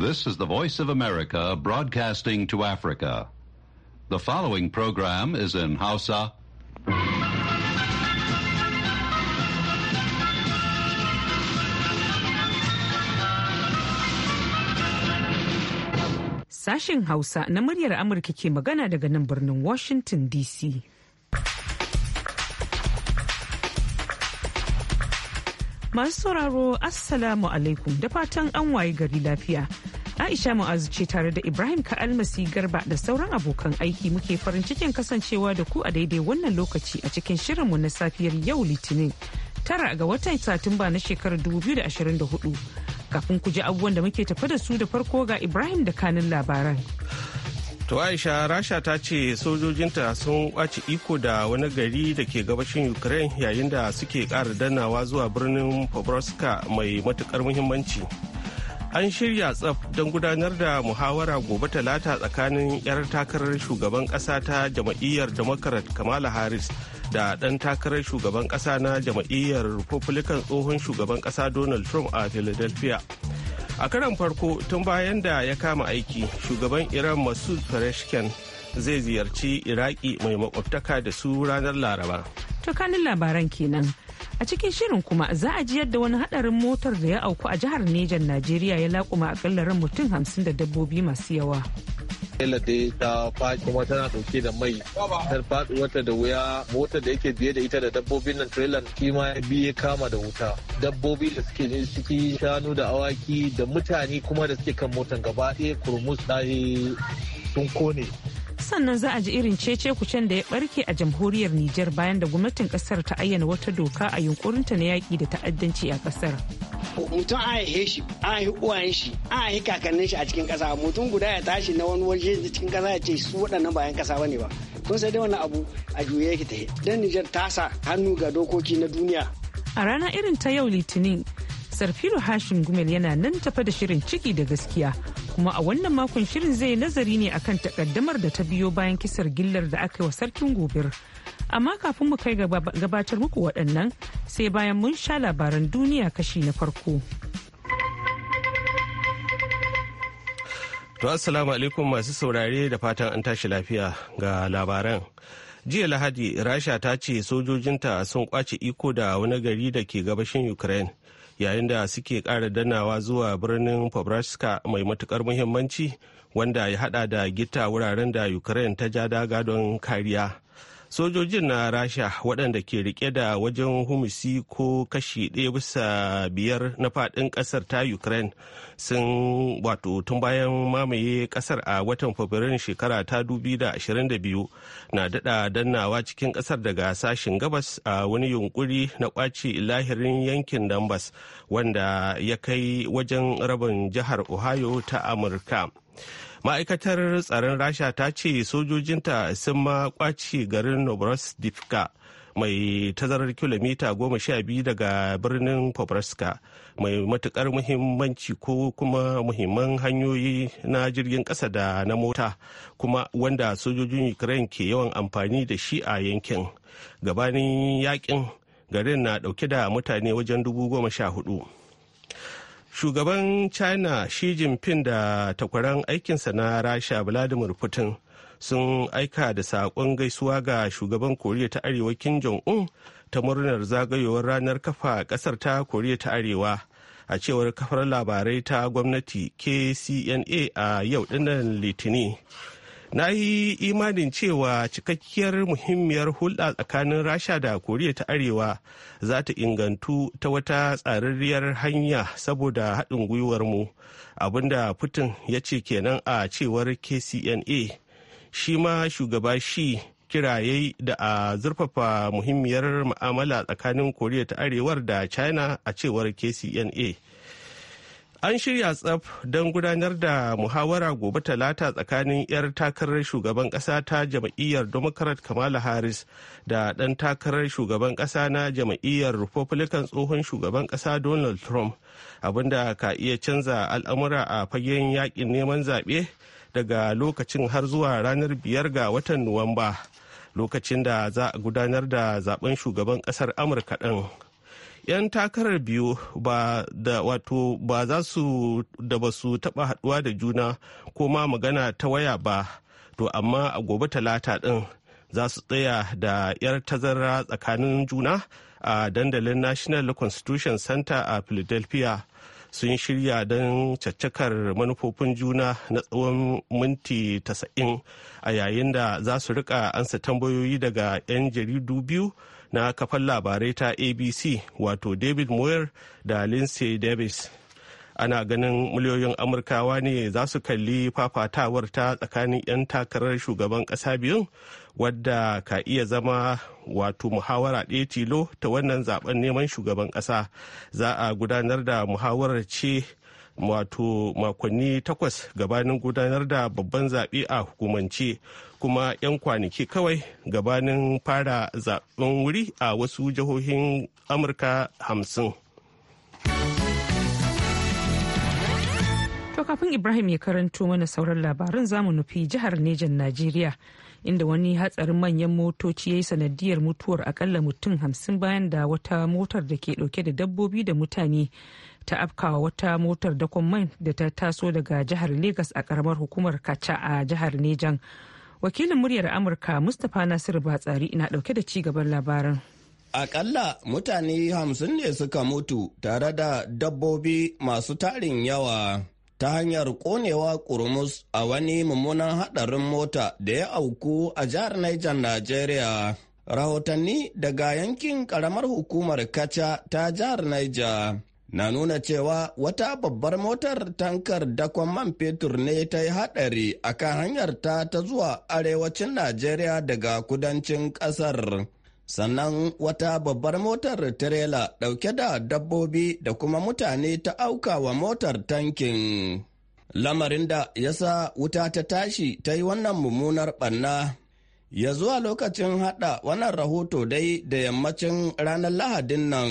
This is the Voice of America broadcasting to Africa. The following program is in Hausa. Sashen Hausa na muryar Amurka ke magana daga nan birnin Washington DC. Masu sauraro Assalamu alaikum da fatan an waye gari lafiya. Aisha Mu'azu ce tare da Ibrahim Ka'almasi Garba da sauran abokan aiki muke farin cikin kasancewa da ku a daidai wannan lokaci a cikin shirinmu na safiyar yau Litinin. Tara ga watan Satumba na shekarar 2024. Kafin ku ji abubuwan da muke tafa da su da farko ga Ibrahim da kanin labaran. To Aisha Rasha ta ce sojojinta sun kwace iko da wani gari da ke gabashin Ukraine yayin da suke kara danawa zuwa birnin Pobroska mai matukar muhimmanci. An shirya tsaf don gudanar da muhawara gobe talata tsakanin 'yar takarar shugaban ƙasa ta jama'iyyar Democrat Kamala Harris da ɗan takarar shugaban ƙasa na jama'iyyar Republican tsohon shugaban ƙasa Donald Trump a Philadelphia. a karan farko tun bayan da ya kama aiki shugaban iran masu fareshken zai ziyarci iraki mai makwabtaka da su ranar laraba kanin labaran kenan a cikin shirin kuma za a ji yadda wani hadarin motar da ya auku a jihar nejan najeriya ya laƙuma akalla ran mutum hamsin da dabbobi masu yawa Ela dai ta faɗi kuma tana dauke da mai. Ta faɗi wata da wuya mota da yake biye da ita da dabbobin nan trailer shi ma ya biye kama da wuta. Dabbobi da suke ciki shanu da awaki da mutane kuma da suke kan motar gaba ɗaya kurmus ɗaya sun kone. sannan za a ji irin cece kucen da ya barke a jamhuriyar Nijar bayan da gwamnatin kasar ta ayyana wata doka a yunkurinta na yaƙi da ta'addanci a kasar. mutum a haihe shi a haihe uwayen shi a haihe kakannin shi a cikin kasa mutum guda ya tashi na wani waje cikin kasa ya ce su waɗannan bayan kasa ne ba kun sai dai wani abu a juye yake ta dan Nijar sa hannu ga dokoki na duniya a rana irin ta yau litinin sarfilo hashim gumel yana nan tafa da shirin ciki da gaskiya kuma a wannan makon shirin zai nazari ne akan takaddamar da ta biyo bayan kisar gillar da aka yi wa sarkin gobir Amma kafin mu kai gabatar muku waɗannan sai bayan mun sha labaran duniya kashi na farko. To assalamu alaikum masu saurare da fatan an tashi lafiya ga labaran. Jiya Lahadi, Rasha ta ce sojojinta sun kwace iko da wani gari da ke gabashin Ukraine yayin da suke ƙara danawa zuwa birnin Pobrashka mai matukar muhimmanci wanda ya hada da gita wuraren da Ukraine ta ja daga don kariya. sojojin na rasha waɗanda ke rike da wajen humusi ko kashi ɗaya bisa biyar na faɗin ƙasar ta ukraine sun wato tun bayan mamaye ƙasar a watan fabrairun shekara ta 2022 na daɗa dannawa cikin ƙasar daga sashen gabas a wani yunƙuri na ƙwace lahirin yankin dambas wanda ya kai wajen rabin jihar ohio ta amurka ma'aikatar tsaron rasha ta ce sojojinta sun ma kwaci garin novorodivka mai tazarar kilomita goma sha biyu daga birnin pobraska mai matukar muhimmanci ko kuma muhimman hanyoyi na jirgin kasa da na mota kuma wanda sojojin ukraine ke yawan amfani da shi a yankin gabanin yakin garin na dauke da mutane wajen dubu goma sha hudu shugaban china shi jinping da takwaran aikinsa na rasha vladimir putin sun aika da saƙon gaisuwa ga shugaban koriya ta arewa kim jong-un ta murnar zagayowar ranar kafa ƙasar ta koriya ta arewa a cewar kafar labarai ta gwamnati kcna a yau dinnan litini na yi imanin cewa cikakkiyar muhimmiyar hulɗa tsakanin rasha da koriya ta arewa za ta ingantu ta wata tsararriyar hanya saboda haɗin gwiwarmu abinda putin ya ce kenan a cewar kcna shi ma shugaba shi kiraye da a zurfafa muhimmiyar ma'amala tsakanin koriya ta arewar da china a cewar kcna an shirya tsaf don gudanar da muhawara gobe talata tsakanin 'yar takarar shugaban kasa ta jam'iyyar democrat kamala harris da ɗan takarar shugaban kasa na jam'iyyar republican tsohon shugaban kasa donald trump abinda ka iya canza al'amura a fagen yakin neman zaɓe daga lokacin har zuwa ranar biyar ga watan nuwamba lokacin da za a gudanar da zaɓen shugaban ƙasar amurka ɗin. 'yan takarar biyu ba da wato ba za su da ba su taba haduwa da juna ko ma magana ta waya ba to amma a gobe talata din za su tsaya da 'yar tazara tsakanin juna a dandalin national constitution center a philadelphia sun shirya don caccakar manufofin juna na tsawon minti 90 a yayin da za su rika ansa tambayoyi daga 'yan jaridu biyu na kafan labarai ta abc wato david moyer da lindsay davis ana ganin miliyoyin amurkawa ne za su kalli fafatawar ta tsakanin 'yan takarar shugaban kasa biyun wadda ka iya zama wato muhawara ɗaya tilo ta wannan zaben neman shugaban ƙasa za a gudanar da muhawarar ce wato makonni takwas gabanin gudanar da babban zaɓe a hukumance kuma 'yan kwanaki kawai gabanin fara zaɓen wuri a wasu jihohin amurka hamsin. To kafin Ibrahim ya karanto mana sauran labaran zamu nufi jihar Nejan Najeriya inda wani hatsarin manyan motoci ya yi sanadiyar mutuwar akalla mutum hamsin bayan da wata motar da ke dauke da dabbobi da mutane ta afkawa wata motar dakon mai da ta taso daga jihar Legas a karamar hukumar Kacha a jihar Nejan. Wakilin muryar Amurka Mustapha Nasiru Batsari na dauke da ci gaban labaran. Akalla mutane hamsin ne suka mutu tare da dabbobi masu tarin yawa ta hanyar konewa kurmus a wani mummunan haɗarin mota da ya auku a jihar Niger, Najeriya. Rahotanni daga yankin ƙaramar hukumar Kacha ta jihar Niger na nuna cewa wata babbar motar tankar dakon man fetur ne ta yi haɗari a kan hanyar ta ta zuwa arewacin Najeriya daga kudancin ƙasar. Sannan wata babbar motar tirela ɗauke da dabbobi da kuma mutane ta auka wa motar tankin. Lamarin da ya sa wuta ta tashi ta yi wannan mummunar ɓanna. Ya zuwa lokacin haɗa wannan rahoto dai da yammacin ranar Lahadin nan.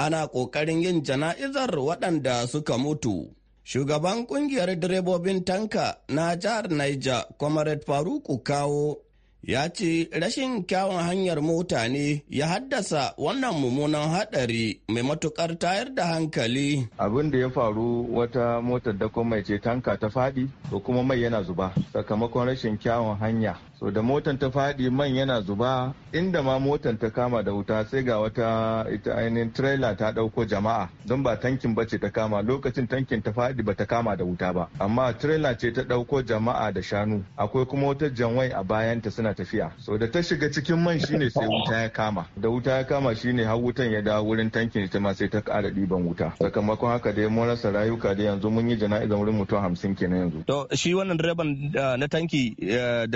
ana ƙoƙarin yin jana'izar waɗanda suka mutu. Shugaban ƙungiyar direbobin tanka na jihar Niger, Comrade Faruku Kawo, ya ce rashin kyawun hanyar mota ne ya haddasa wannan mummunan hadari mai matukar tayar da hankali. Abin da ya faru wata motar dakon mai ce tanka ta faɗi ko kuma mai yana zuba sakamakon rashin kyawun hanya. So da motar ta faɗi man yana zuba inda ma motar ta kama da wuta sai ga wata ita ainihin trailer ta ɗauko jama'a don ba tankin bace ta kama lokacin tankin ta faɗi ba ta kama da wuta ba amma trailer ce ta ɗauko jama'a da shanu akwai kuma wata janwai a bayanta suna tana tafiya so da ta shiga cikin man shine sai wuta ya kama da wuta ya kama shine har wutan ya dawo wurin tankin ita ma sai ta kara diban wuta sakamakon haka dai mun rasa rayuka da yanzu mun yi jana'izar wurin mutum hamsin kenan yanzu. to shi wannan direban eh, na tanki eh,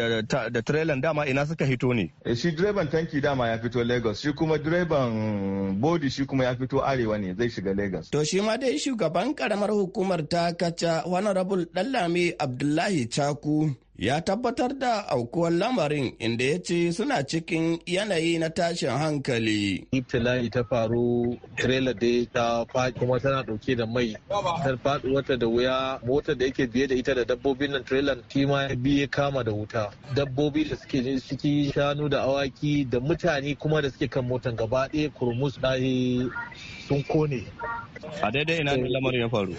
da trailer dama ina suka hito ne. Eh, shi direban tanki dama ya fito lagos shi kuma direban bodi shi kuma ya fito arewa ne zai shiga lagos. to shi ma dai shugaban karamar hukumar ta kaca honorable dallame abdullahi chaku ya tabbatar da aukuwar lamarin inda ya ce suna cikin yanayi na tashin hankali. Ibtila'i ta faru trela da ta faɗi kuma tana ɗauke da mai ta faɗi wata da wuya motar da yake biye da ita da dabbobin nan trailer shi ma ya biye kama da wuta dabbobi da suke ciki shanu da awaki da mutane kuma da suke kan motar gaba ɗaya kurmus ɗaya sun kone. A daidai ina lamarin ya faru.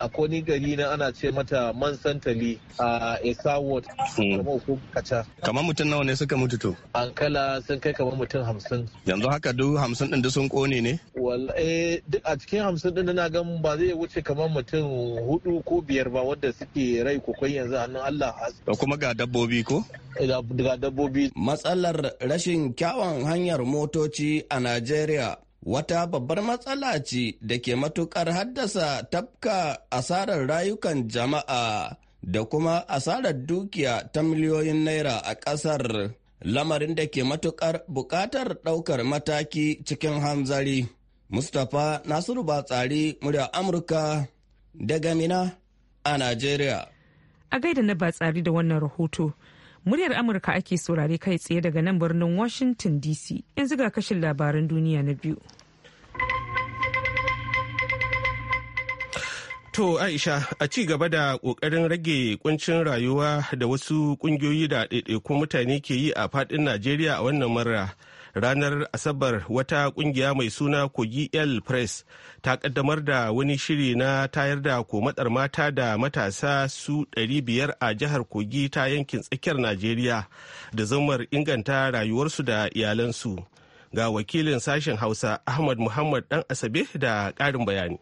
A koni gari na ana ce mata man santali a Esa Ankara Ward. Hmm. Kamar ko kaca. Kamar mutum nawa ne suka mutu to? Ankala sun kai kamar mutum hamsin. Yanzu haka duk hamsin din sun kone ne? Wallahi eh, duk a cikin hamsin ɗin na gan ba zai wuce kamar mutum hudu ko biyar ba wanda suke rai kokon yanzu annan Allah. Da kuma ga dabbobi ko? Eh, ga dabbobi. Matsalar rashin kyawun hanyar motoci a Najeriya wata babbar matsala ce da ke matukar haddasa tafka asarar rayukan jama'a da kuma asarar dukiya ta miliyoyin naira a ƙasar lamarin da ke matuƙar buƙatar ɗaukar mataki cikin hanzari. Mustapha Nasiru Batsari murya Amurka daga Mina a Najeriya. A gaida na Batsari da wannan rahoto, muryar Amurka ake saurare kai tsaye daga nan birnin Washington DC yanzu ga kashin labaran duniya na biyu. To Aisha a ci gaba da ƙoƙarin rage kuncin rayuwa da wasu ƙungiyoyi da ɗaiɗaikun mutane ke yi a faɗin Najeriya a wannan mara. Ranar Asabar wata ƙungiya mai suna Kogi L Press ta ƙaddamar da wani shiri na tayar da komatsar mata da matasa su biyar a jihar Kogi ta yankin tsakiyar Najeriya da zammar inganta rayuwarsu da iyalansu. Ga wakilin sashen Hausa Ahmad Muhammad ɗan Asabe da ƙarin bayani.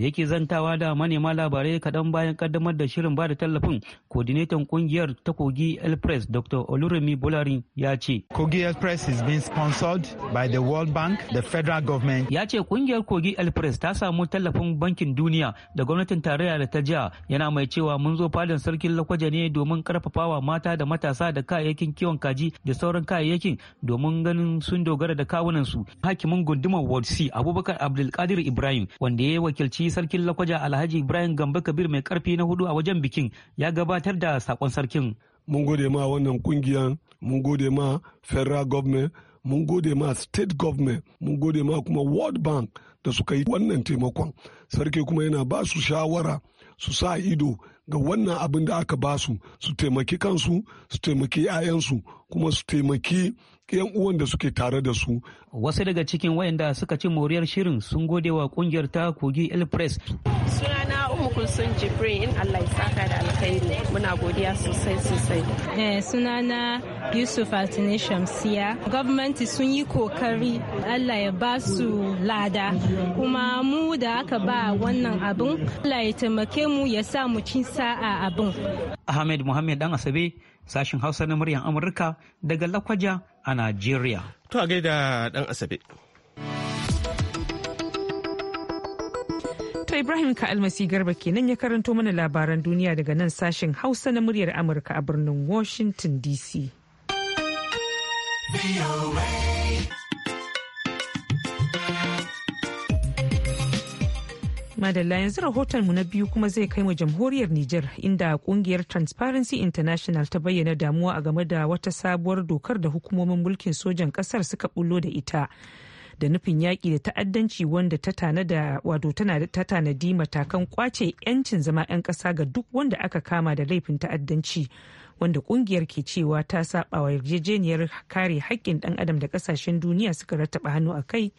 da yake zantawa da manema labarai kaɗan bayan kaddamar da shirin ba da tallafin coordinator kungiyar ta kogi press dr olurimi bolari ya ce kogi press is being sponsored by the world bank the federal government ya ce kungiyar kogi press ta samu tallafin bankin duniya da gwamnatin tarayya da ta jiha yana mai cewa mun zo fadin sarkin lakwaje ne domin karfafawa mata da matasa da kayayyakin kiwon kaji da sauran kayayyakin domin ganin sun dogara da kawunansu hakimin gundumar ward c abubakar abdulkadir ibrahim wanda ya wakilci sarkin lakwaja alhaji ibrahim gambo kabir mai karfi na hudu a wajen bikin ya gabatar da sakon sarkin mun gode ma wannan kungiya mun gode ma federal government mun gode ma state government mun gode ma kuma world bank da suka yi wannan taimakon sarki kuma yana ba su shawara su sa ido ga wannan abin da aka ba su su taimaki kansu su taimaki 'ya'yansu kuma su taimaki yan uwan da suke tare da su. Wasu daga cikin wayanda suka ci moriyar shirin sun gode wa kungiyar ta Kogi El Press. Sunana Umukun sun Jibrin in Allah ya saka da alkhairi muna godiya sosai sosai. Eh sunana Yusuf Altine Shamsiya. Gwamnati sun yi kokari Allah ya ba su lada kuma mu da aka ba wannan abin Allah ya taimake mu ya sa mu cin sa'a abin. Ahmed Muhammad Dan Asabe sashin Hausa na muryar Amurka daga Lakwaja a Najeriya. To a gaida ɗan Asabe. To Ibrahim ka almasi garba kenan ya karanto mana labaran duniya daga nan sashen Hausa na muryar Amurka a birnin Washington DC. Madalla yanzu rahotonmu na biyu kuma zai kai mu jamhuriyar Nijar inda kungiyar Transparency International ta bayyana damuwa a game da wata sabuwar dokar da hukumomin mulkin sojan kasar suka bullo da ita. da nufin yaƙi da ta'addanci wanda ta wato ta tanadi matakan kwace 'yancin zama 'yan ƙasa ga duk wanda aka kama da laifin ta'addanci wanda kungiyar ke cewa ta saba wa yarjejeniyar kare haƙƙin ɗan adam da ƙasashen duniya suka rattaba hannu a kai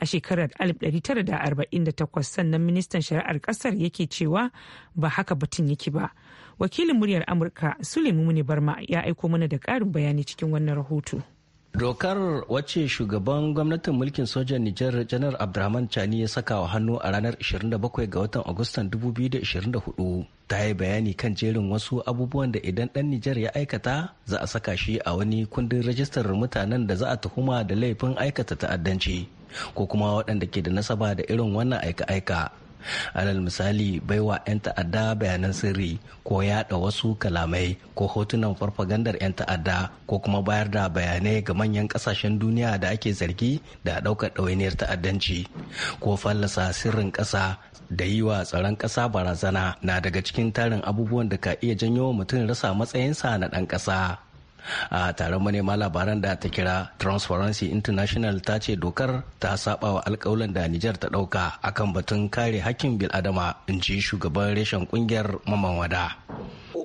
a shekarar 1948 sannan ministan shari'ar ƙasar yake cewa ba haka batun yake ba wakilin muryar amurka sulemi muni barma ya aiko mana da ƙarin bayani cikin wannan rahoto Dokar wacce shugaban gwamnatin mulkin sojan Nijar Janar Abdurrahman Chani ya saka wa hannu a ranar 27 ga watan Agustan 2024 ta yi bayani kan jerin wasu abubuwan da idan ɗan Nijar ya aikata za a saka shi a wani kundin rajistar mutanen da za a tuhuma da laifin aikata ta'addanci ko kuma waɗanda ke da nasaba da irin wannan aika-aika. alal misali baiwa 'yan ta'adda bayanan sirri ko yada wasu kalamai ko hotunan farfagandar 'yan ta'adda ko kuma bayar da bayanai ga manyan kasashen duniya da ake zargi da daukar ɗawainiyar ta'addanci ko fallasa sirrin ƙasa da yi wa tsaron ƙasa barazana na daga cikin tarin abubuwan da ka iya janyo mutum rasa matsayinsa na ɗan ƙasa a taron manema labaran da ta kira transparency international ta ce dokar ta saba wa alkawalan da nijar ta dauka akan batun kare hakkin biladama in ji shugaban reshen kungiyar maman wada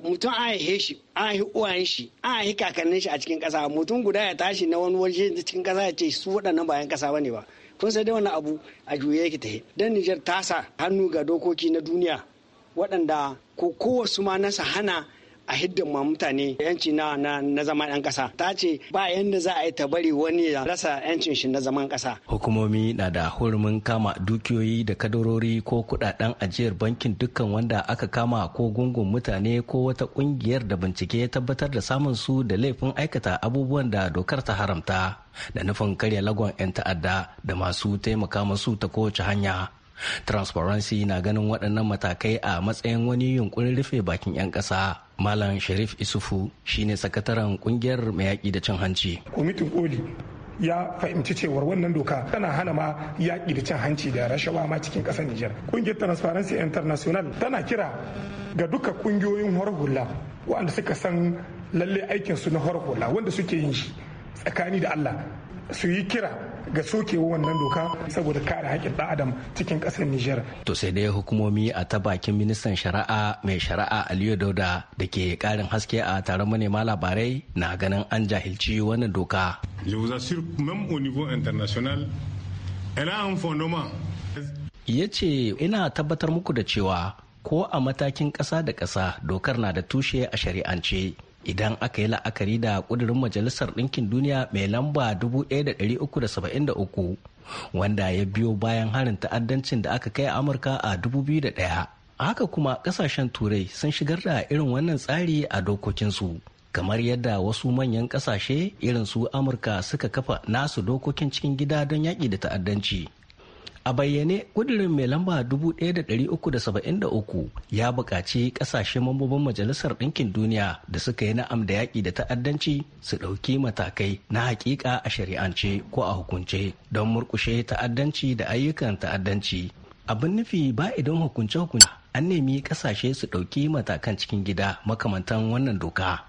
mutum a haihe shi a uwayen shi a kakannin shi a cikin kasa mutum guda ya tashi na wani waje cikin kasa ya ce su waɗannan bayan kasa bane ba kun sai dai wani abu a juye yake ta dan nijar sa hannu ga dokoki na duniya waɗanda ko su ma nasa hana a hiddin ma mutane yanci na na zama ɗan ƙasa ta ce ba yanda za a yi ta bari wani ya rasa yancin shi na zaman ƙasa hukumomi na da hurumin kama dukiyoyi da kadarori ko kuɗaɗen ajiyar bankin dukkan wanda aka kama ko gungun mutane ko wata ƙungiyar da bincike ya tabbatar da samun su da laifin aikata abubuwan da dokar ta haramta da nufin karya lagon 'yan ta'adda da masu taimaka masu ta kowace hanya transparency na ganin waɗannan matakai a matsayin wani yunkurin rufe bakin 'yan ƙasa malam sharif isufu shine sakataren kungiyar yaƙi da cin hanci kwamitin koli ya fahimci cewar wannan doka tana hana ma yaƙi da cin hanci da rashawa ma cikin ƙasar Nijar. Ƙungiyar Transparency International tana kira ga duka ƙungiyoyin hula waɗanda suka san lalle aikinsu na hula wanda suke yin shi tsakani da Allah su yi kira ga sokewa wannan doka saboda kare haƙƙin ɗan adam cikin ƙasar Nijar. To sai dai hukumomi a ta bakin ministan shari'a mai shari'a Aliyu Dauda da ke ƙarin haske a taron manema labarai na ganin an jahilci wannan doka. Je vous assure même au niveau international elle a un fondement. Ya ce ina tabbatar muku da cewa ko a matakin ƙasa da ƙasa dokar na da tushe a shari'ance. idan aka yi la'akari da ƙudurin majalisar ɗinkin duniya mai lamba 1373 wanda ya biyo bayan harin ta'addancin da aka kai amurka a 2001 haka kuma kasashen turai sun shigar da irin wannan tsari a dokokinsu kamar yadda wasu manyan kasashe irin su amurka suka kafa nasu dokokin cikin gida don yaƙi da ta'addanci A bayyane kudirin mai lamba 1373 ya buƙaci ƙasashen mambobin Majalisar Ɗinkin Duniya da suka yi na'am da yaƙi da ta'addanci su ɗauki matakai na haƙiƙa a shari'ance ko a hukunce don murƙushe ta'addanci da ayyukan ta'addanci. Abin nufi ba idan hukunce-hukunce an nemi kasashe su ɗauki matakan cikin gida makamantan wannan doka.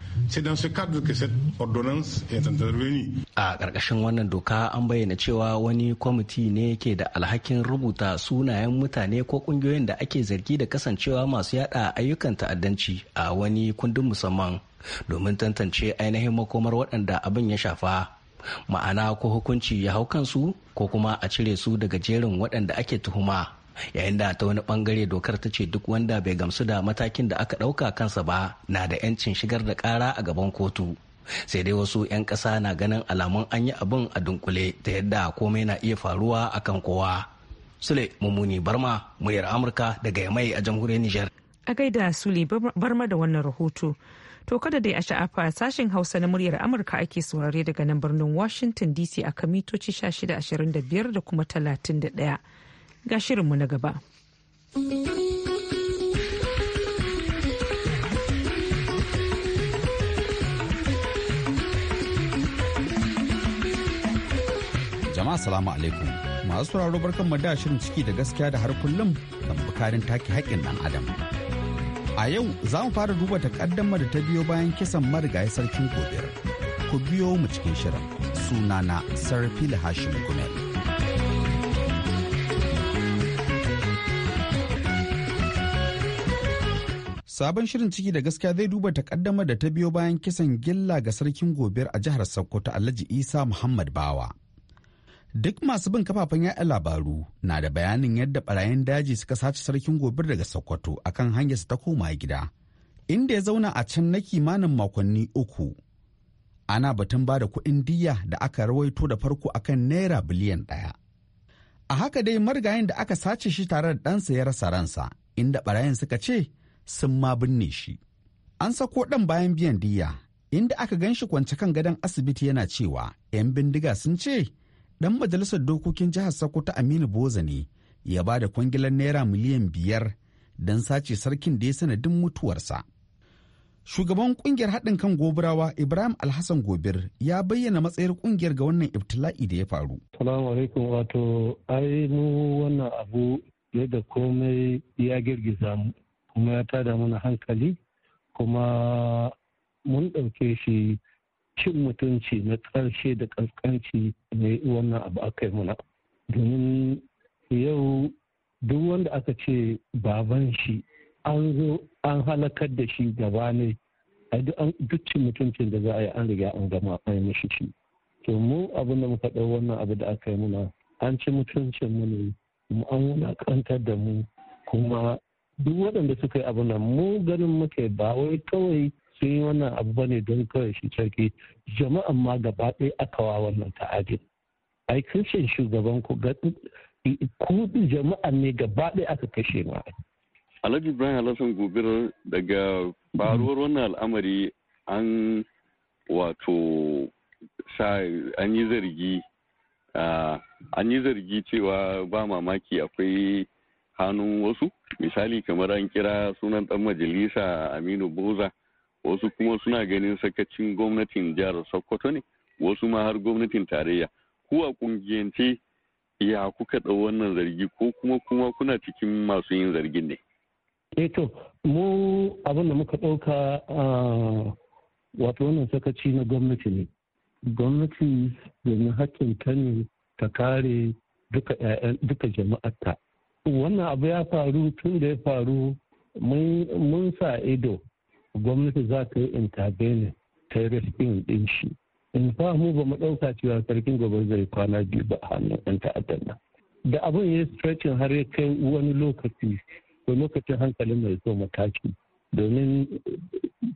A ƙarƙashin wannan doka an bayyana cewa wani kwamiti ne ke da alhakin rubuta sunayen mutane ko ƙungiyoyin da ake zargi da kasancewa masu yada ayyukan ta'addanci a wani kundin musamman domin tantance ainihin makomar waɗanda abin ya shafa. ma'ana ko hukunci ya hau kansu ko kuma a cire su daga jerin waɗanda ake tuhuma yayin da ta wani bangare dokar ta ce duk wanda bai gamsu da matakin da aka ɗauka kansa ba na da 'yancin shigar da kara a gaban kotu sai dai wasu 'yan ƙasa na ganin alamun an yi abin a dunkule ta yadda komai na iya faruwa akan kowa sule mummuni barma muryar amurka daga yamai a jamhuriyar nijar a gaida sule barma da wannan rahoto to kada dai a sha'afa sashen hausa na muryar amurka ake saurare daga nan birnin washington dc a kamitoci 1625 da kuma 31 ga shirinmu na gaba. Jama'a salamu alaikum masu sauraro barkan da shirin ciki da gaskiya da har kullum da bukarin take haƙƙin ɗan adam. A yau za mu fara duba takaddama da ta biyo bayan kisan marigayi sarkin gobe Ku biyo mu cikin shirin sunana Sarfila Hashim Gumel. Sabon shirin ciki da gaskiya zai duba takaddama da ta biyo bayan kisan gilla ga sarkin gobe a jihar Sokoto Alhaji Isa Muhammad Bawa. Duk masu bin kafafen 'ya'ya labaru na da bayanin yadda barayin daji suka sace sarkin gobe daga Sokoto akan hanyarsa ta koma gida, inda ya zauna a can na kimanin makonni uku. Ana batun ba da kuɗin diya da aka rawaito da farko akan naira biliyan ɗaya. A haka dai marigayen da aka sace shi tare da ɗansa ya rasa ransa, inda barayin suka ce sun ma binne shi. An sako ɗan bayan biyan diya, inda aka gan shi kwance kan gadon asibiti yana cewa 'yan bindiga sun ce ɗan majalisar dokokin jihar Sokoto Aminu Boza ne ya ba da kwangilar naira miliyan biyar don sace sarkin da ya sanadin mutuwarsa. Shugaban ƙungiyar haɗin kan goburawa Ibrahim Alhassan Gobir ya bayyana matsayar ƙungiyar ga wannan ibtila'i da ya faru. Salamu alaikum wato ai mu wannan abu yadda komai ya girgiza mu kuma ya tada mana hankali kuma mun ɗauke shi cin mutunci na ƙarshe da ƙasƙanci ne wannan abu aka yi muna domin yau duk wanda aka ce baban shi an zo an halakar da shi gaba ne duk cin mutuncin da za a yi an riga an gama an yi mashi shi to mu abin da muka ɗau wannan abu da aka yi muna an ci mutuncin mu ne mu an kantar da mu kuma duk waɗanda suka yi abu nan mu ganin muka ba wai kawai sun yi wannan abu bane don kawai shi sarki jama'an ma gaba ɗaya aka wa wannan ta'adin ai krishin shugaban ku kudin jama'an ne gaba ɗaya aka kashe ma alhaji ibrahim alhassan gobir daga faruwar wannan al'amari an wato sa an yi zargi ah, an yi zargi cewa ba mamaki akwai hannun wasu misali kamar an kira sunan dan majalisa aminu boza wasu kuma suna ganin sakacin gwamnatin jihar sokoto ne wasu ma har gwamnatin tarayya ku a kungiyance ya kuka ɗau wannan zargi ko kuma kuma kuna cikin masu yin zargin ne eto eh mu abin da muka ɗauka wato wannan sakaci na gwamnati ne gwamnati domin hakkin ta ne ta kare duka jama'arta wannan abu ya faru tun da ya faru mun sa ido gwamnati za ta yi intervening ta yi respin din shi in fa mu ba mu ɗauka cewa sarkin gobe zai kwana biyu ba hannun yan ta'addar nan da abin ya stretching har ya kai wani lokaci ko lokacin hankalin mai so mataki domin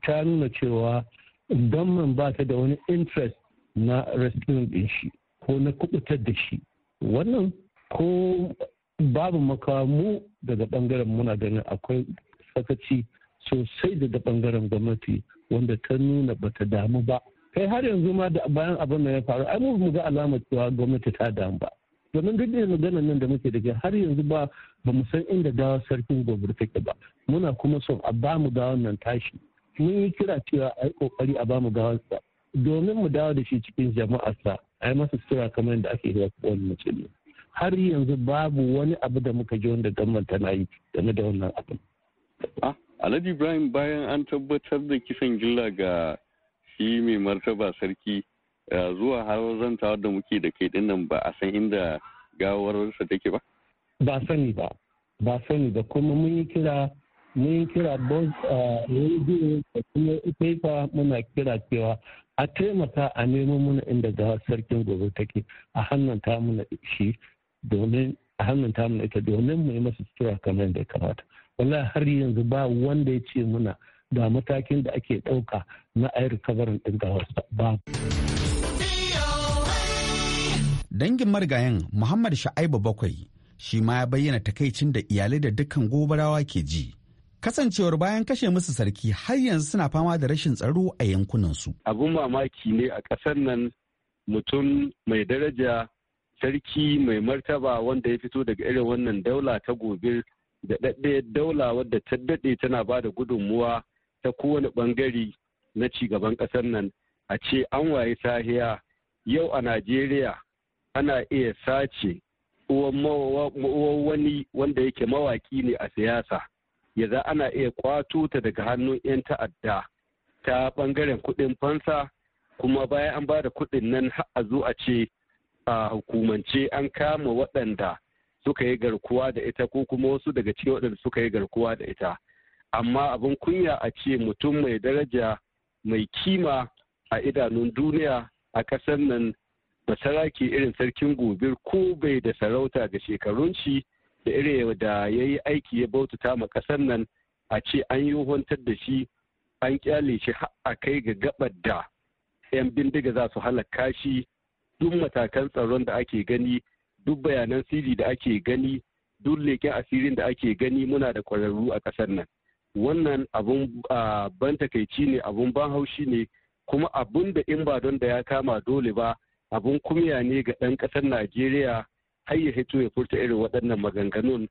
ta nuna cewa gwamnan ba ta da wani interest na rescuing din shi ko na kubutar da shi wannan ko babu makamu daga bangaren muna ganin akwai sakaci sosai daga bangaren gwamnati wanda ta nuna bata damu ba kai har yanzu ma da bayan abin da ya faru ai mu ga alamar cewa gwamnati ta damu ba domin duk da magana nan da muke dake har yanzu ba ba mu san inda dawa sarkin gobe take ba muna kuma son a ba mu gawan nan tashi mun yi kira cewa ai kokari a ba mu gawan domin mu dawo da shi cikin jama'a sa ai masa sura kamar yadda ake yi wannan kowane har yanzu babu wani abu da muka ji wanda gamman tana yi game da wannan abin. Ah, Alhaji Ibrahim bayan an tabbatar da kisan gilla ga shi mai martaba sarki zuwa har zantawa da muke da kai dinnan ba a san inda gawarsa take ba? Ba sani ba, ba sani ba kuma mun yi kira mun kira boss a ah, radio da kuma paper muna kira cewa a taimaka a neman muna inda gawar sarkin gobe take a hannun ta muna shi domin a hannunta mana ita domin mu yi masa sutura kamar da ya kamata wala har yanzu ba wanda ya ce muna ga matakin da ake ɗauka na ayi recovery ɗin gawarsa ba. Dangin marigayen Muhammad Sha'aibu bakwai shi ma ya bayyana takaicin da iyalai da dukkan gobarawa ke ji. Kasancewar bayan kashe musu sarki har yanzu suna fama da rashin tsaro a yankunansu. Abun mamaki ne a ƙasar nan mutum mai daraja sarki mai martaba wanda ya fito daga irin wannan daula ta gobe da daɗe daula wadda ta daɗe tana ba da gudunmuwa ta kowane ɓangare na cigaban ƙasar nan a ce an waye sahiya yau a najeriya ana iya sace uwan wani wanda yake mawaƙi ne a siyasa ya ana iya kwato ta daga hannun 'yan ta'adda ta ɓangaren kuɗin fansa kuma bayan an ba da kuɗin nan har a zo a ce a hukumance an kama waɗanda suka yi garkuwa da ita ko kuma wasu daga cikin waɗanda suka yi garkuwa da ita amma abin kunya a ce mutum mai daraja mai kima a idanun duniya a ƙasar nan basarake irin sarkin gobir ko bai da sarauta ga shekarun shi da irin da ya yi aiki ya bautata ma ƙasar nan a ce an yi wantar da shi an kyale shi a kai ga gabar da 'yan bindiga za su halakka shi duk matakan tsaron da ake gani duk bayanan sirri da ake gani duk leƙen asirin da ake gani muna da kwararru a ƙasar nan wannan abun ban takaici ne abun ban haushi ne kuma abun da in ba don da ya kama dole ba abun kumiya ne ga ɗan ƙasar najeriya har ya hito ya furta irin waɗannan maganganun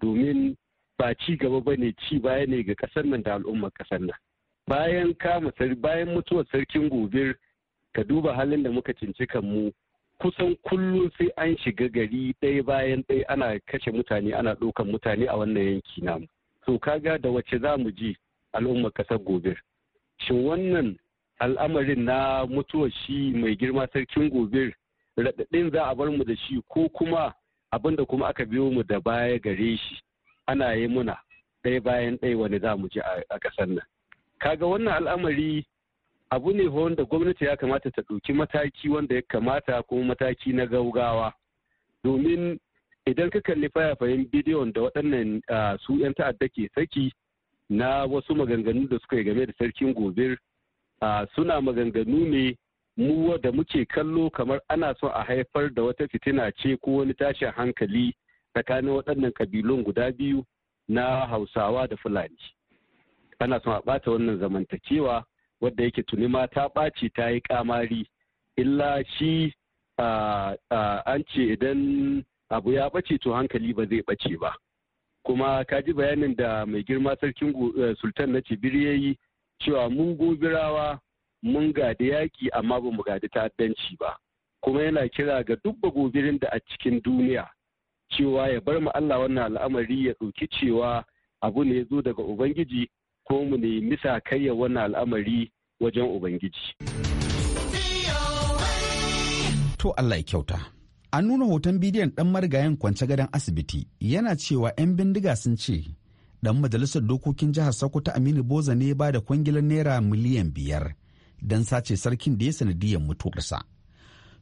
domin ba ci gaba ba ne ci baya ne ga ƙasar nan da al'ummar ƙasar nan bayan mutuwar sarkin gobir ka duba halin da muka cinci mu kusan kullum sai an shiga gari ɗaya bayan ɗaya ana kashe mutane ana ɗaukan mutane a wannan yanki namu to kaga da wace za mu ji al'ummar ƙasar gobe shin wannan al'amarin na mutuwar shi mai girma sarkin gobe raɗaɗin za a bar mu da shi ko kuma abin da kuma aka biyo mu da baya gare shi ana yi muna ɗaya bayan ɗaya wani za mu ji a ƙasar nan kaga wannan al'amari abu ne wanda gwamnati ya kamata ta ɗauki mataki wanda ya kamata kuma mataki na gaugawa domin idan ka kalli fayafayen bidiyon da waɗannan su 'yan ta'adda ke saki na wasu maganganu da suka yi game da sarkin gobe. suna maganganu ne mu da muke kallo kamar ana son a haifar da wata fitina ce ko wani tashin hankali tsakanin waɗannan kabilun guda biyu na hausawa da fulani ana son a ɓata wannan zamantakewa wadda yake tuni ma ta ɓaci ta yi kamari illa shi an ce idan abu ya ɓace to hankali ba zai ɓace ba kuma ka ji bayanin da mai girma sarkin eh, sultan na cibiri ya yi cewa mun gobirawa mun gadi yaƙi amma ba mu gadi ta'addanci ba kuma yana kira ga duk gobirin da a cikin duniya cewa ya bar mu Allah wannan al'amari ya ɗauki cewa abu ne ya zo daga Ubangiji ko mu nemi karya wannan al'amari wajen ubangiji to Allah ya kyauta an nuna hoton bidiyon ɗan marigayen kwance gadon asibiti yana cewa 'yan bindiga sun ce dan majalisar dokokin jihar sokoto aminu boza ne ba da kwangilar naira miliyan biyar don sace sarkin da ya sanadiyar mutuwarsa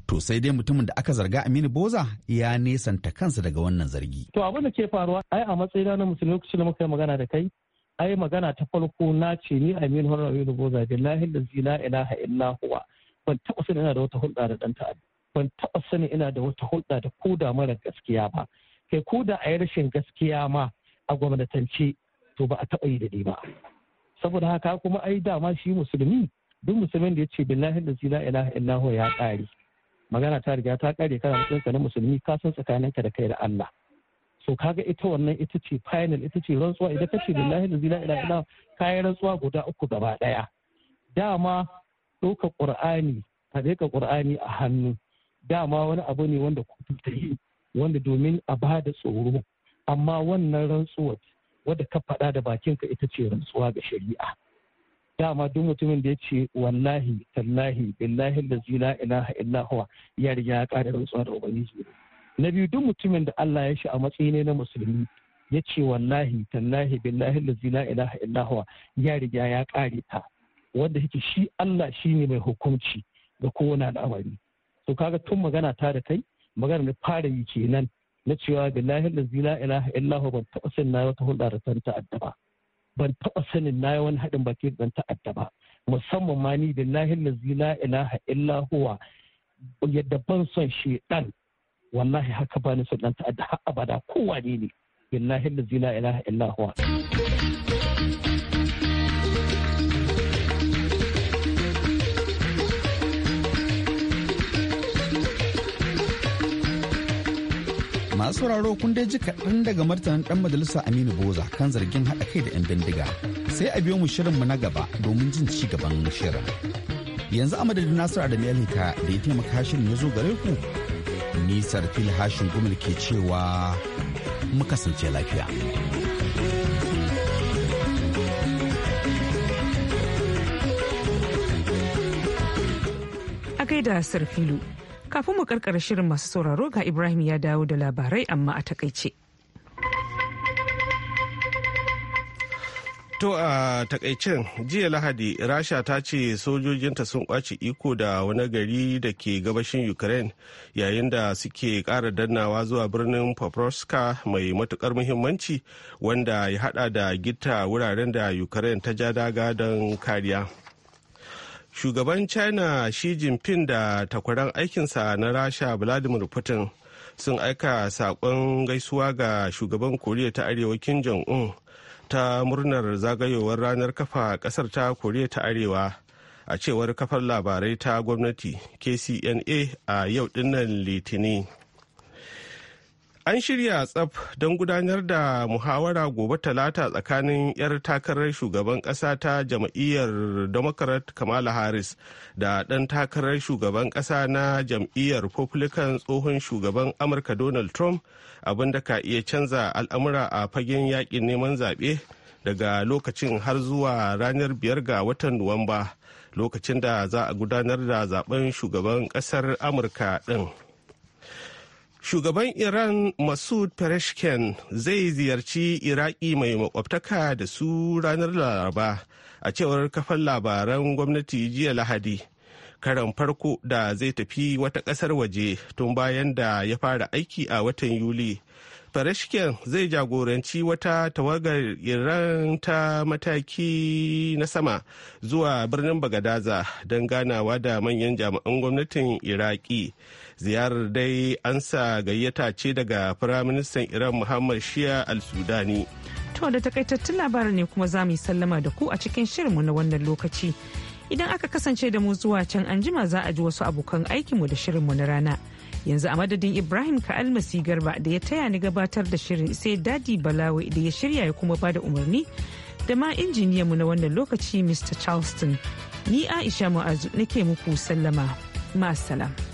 to sai dai mutumin da aka zarga aminu boza ya nesanta kansa daga wannan zargi to abin da ke faruwa ai a matsayina na musulmi lokacin da muka yi magana da kai ai magana ta farko na ce ni Aminu Horar Goza. Boza billahi lazi la ilaha illa huwa ban taɓa sani ina da wata hulɗa da ɗan ta'adda ban taɓa sani ina da wata hulɗa da koda mara gaskiya ba kai koda a yi rashin gaskiya ma a gwamnatance to ba a taɓa yi da ni ba saboda haka kuma ai dama shi musulmi duk musulmin da ya ce billahi da zila ilaha huwa ya ƙare magana ta riga ta ƙare kana matsayin na musulmi ka san tsakaninka da kai da Allah so kaga ita wannan ita ce final ita ce rantsuwa idan kace da la ila illa kayan rantsuwa guda uku gaba daya dama ɗaukar qur'ani ka rika qur'ani a hannu dama wani abu ne wanda kotu ta yi wanda domin a ba da tsoro amma wannan rantsuwar wadda ka faɗa da bakinka ita ce rantsuwa ga shari'a dama duk mutumin da ya ce wallahi tallahi billahi da zila ilaha illahuwa ya riga ya ƙara rantsuwa da ubangiji na biyu duk mutumin da Allah ya shi a matsayin na musulmi ya ce wallahi tallahi billahi lazi la ilaha illahuwa ya riga ya kare ta wanda yake shi Allah shi ne mai hukunci ga kowane al'amari to kaga tun magana ta da kai magana da fara yi kenan na cewa billahi lazi la ilaha illahuwa ban taɓa sanin na wata hulɗa da san ta'adda ba ban taba sanin na wani haɗin baki da ta'adda ba musamman ma ni billahi lazi la ilaha illahuwa yadda ban son shedan wallahi haka ba ni sunan ta'adda har abada kowa ne ne billahi zina la ilaha illa huwa masu sauraro kun dai ji kaɗan daga martanin ɗan majalisa aminu boza kan zargin haɗa kai da 'yan bindiga sai a biyo mu shirin mu na gaba domin jin ci gaban shirin yanzu a madadin nasiru adamu yalika da ya taimaka shirin ya zo gare ku nisar filhashin hashin gumul ke cewa mu kasance lafiya a gaida sarfilu kafin mu karkar shirin masu sauraro ga ibrahim ya dawo da labarai amma a takaice. To a takaicin jiya Lahadi Rasha ta ce sojojinta sun kwace iko da wani gari da ke gabashin Ukraine yayin da suke ƙara dannawa zuwa birnin poproska mai matukar muhimmanci wanda ya hada da gita wuraren da Ukraine ta ja daga don kariya. Shugaban China Xi Jinping da takwaran aikinsa na Rasha Vladimir Putin sun aika saƙon gaisuwa ga shugaban Koriya ta Arewa Kim Jong-un. ta murnar zagayowar ranar kafa kasar ta koriya ta arewa a cewar kafar labarai ta gwamnati kcna a yau dinnan litinin An shirya tsaf don gudanar da muhawara gobe talata tsakanin 'yar takarar shugaban ƙasa ta jam'iyyar Democrat Kamala Harris da ɗan takarar shugaban ƙasa na jam'iyyar Republican tsohon shugaban Amurka Donald Trump abinda ka iya canza al'amura a fagen yakin neman zaɓe daga lokacin har zuwa ranar biyar ga watan Nuwamba lokacin da za a gudanar da zaben shugaban ƙasar Amurka ɗin. shugaban iran masud pereshken zai ziyarci iraki mai makwabtaka da su ranar laraba a cewar kafan labaran gwamnati jiya lahadi karan farko da zai tafi wata ƙasar waje tun bayan da ya fara aiki a watan yuli pereshken zai jagoranci wata tawagar iran ta mataki na sama zuwa birnin bagadaza don ganawa da manyan jami'an gwamnatin iraki ziyarar dai an sa gayyata ce daga firaministan iran muhammad shia al-sudani to da takaitattun labarin ne kuma za mu yi sallama da ku a cikin shirinmu na wannan lokaci idan aka kasance da mu zuwa can anjima za a ji wasu abokan mu da shirinmu na rana yanzu a madadin ibrahim almasi garba da ya taya ni gabatar da shirin sai dadi balawe da ya shirya ya kuma bada umarni da ma injiniyanmu na wannan lokaci mr charleston ni aisha mu'azu nake muku sallama ma salam.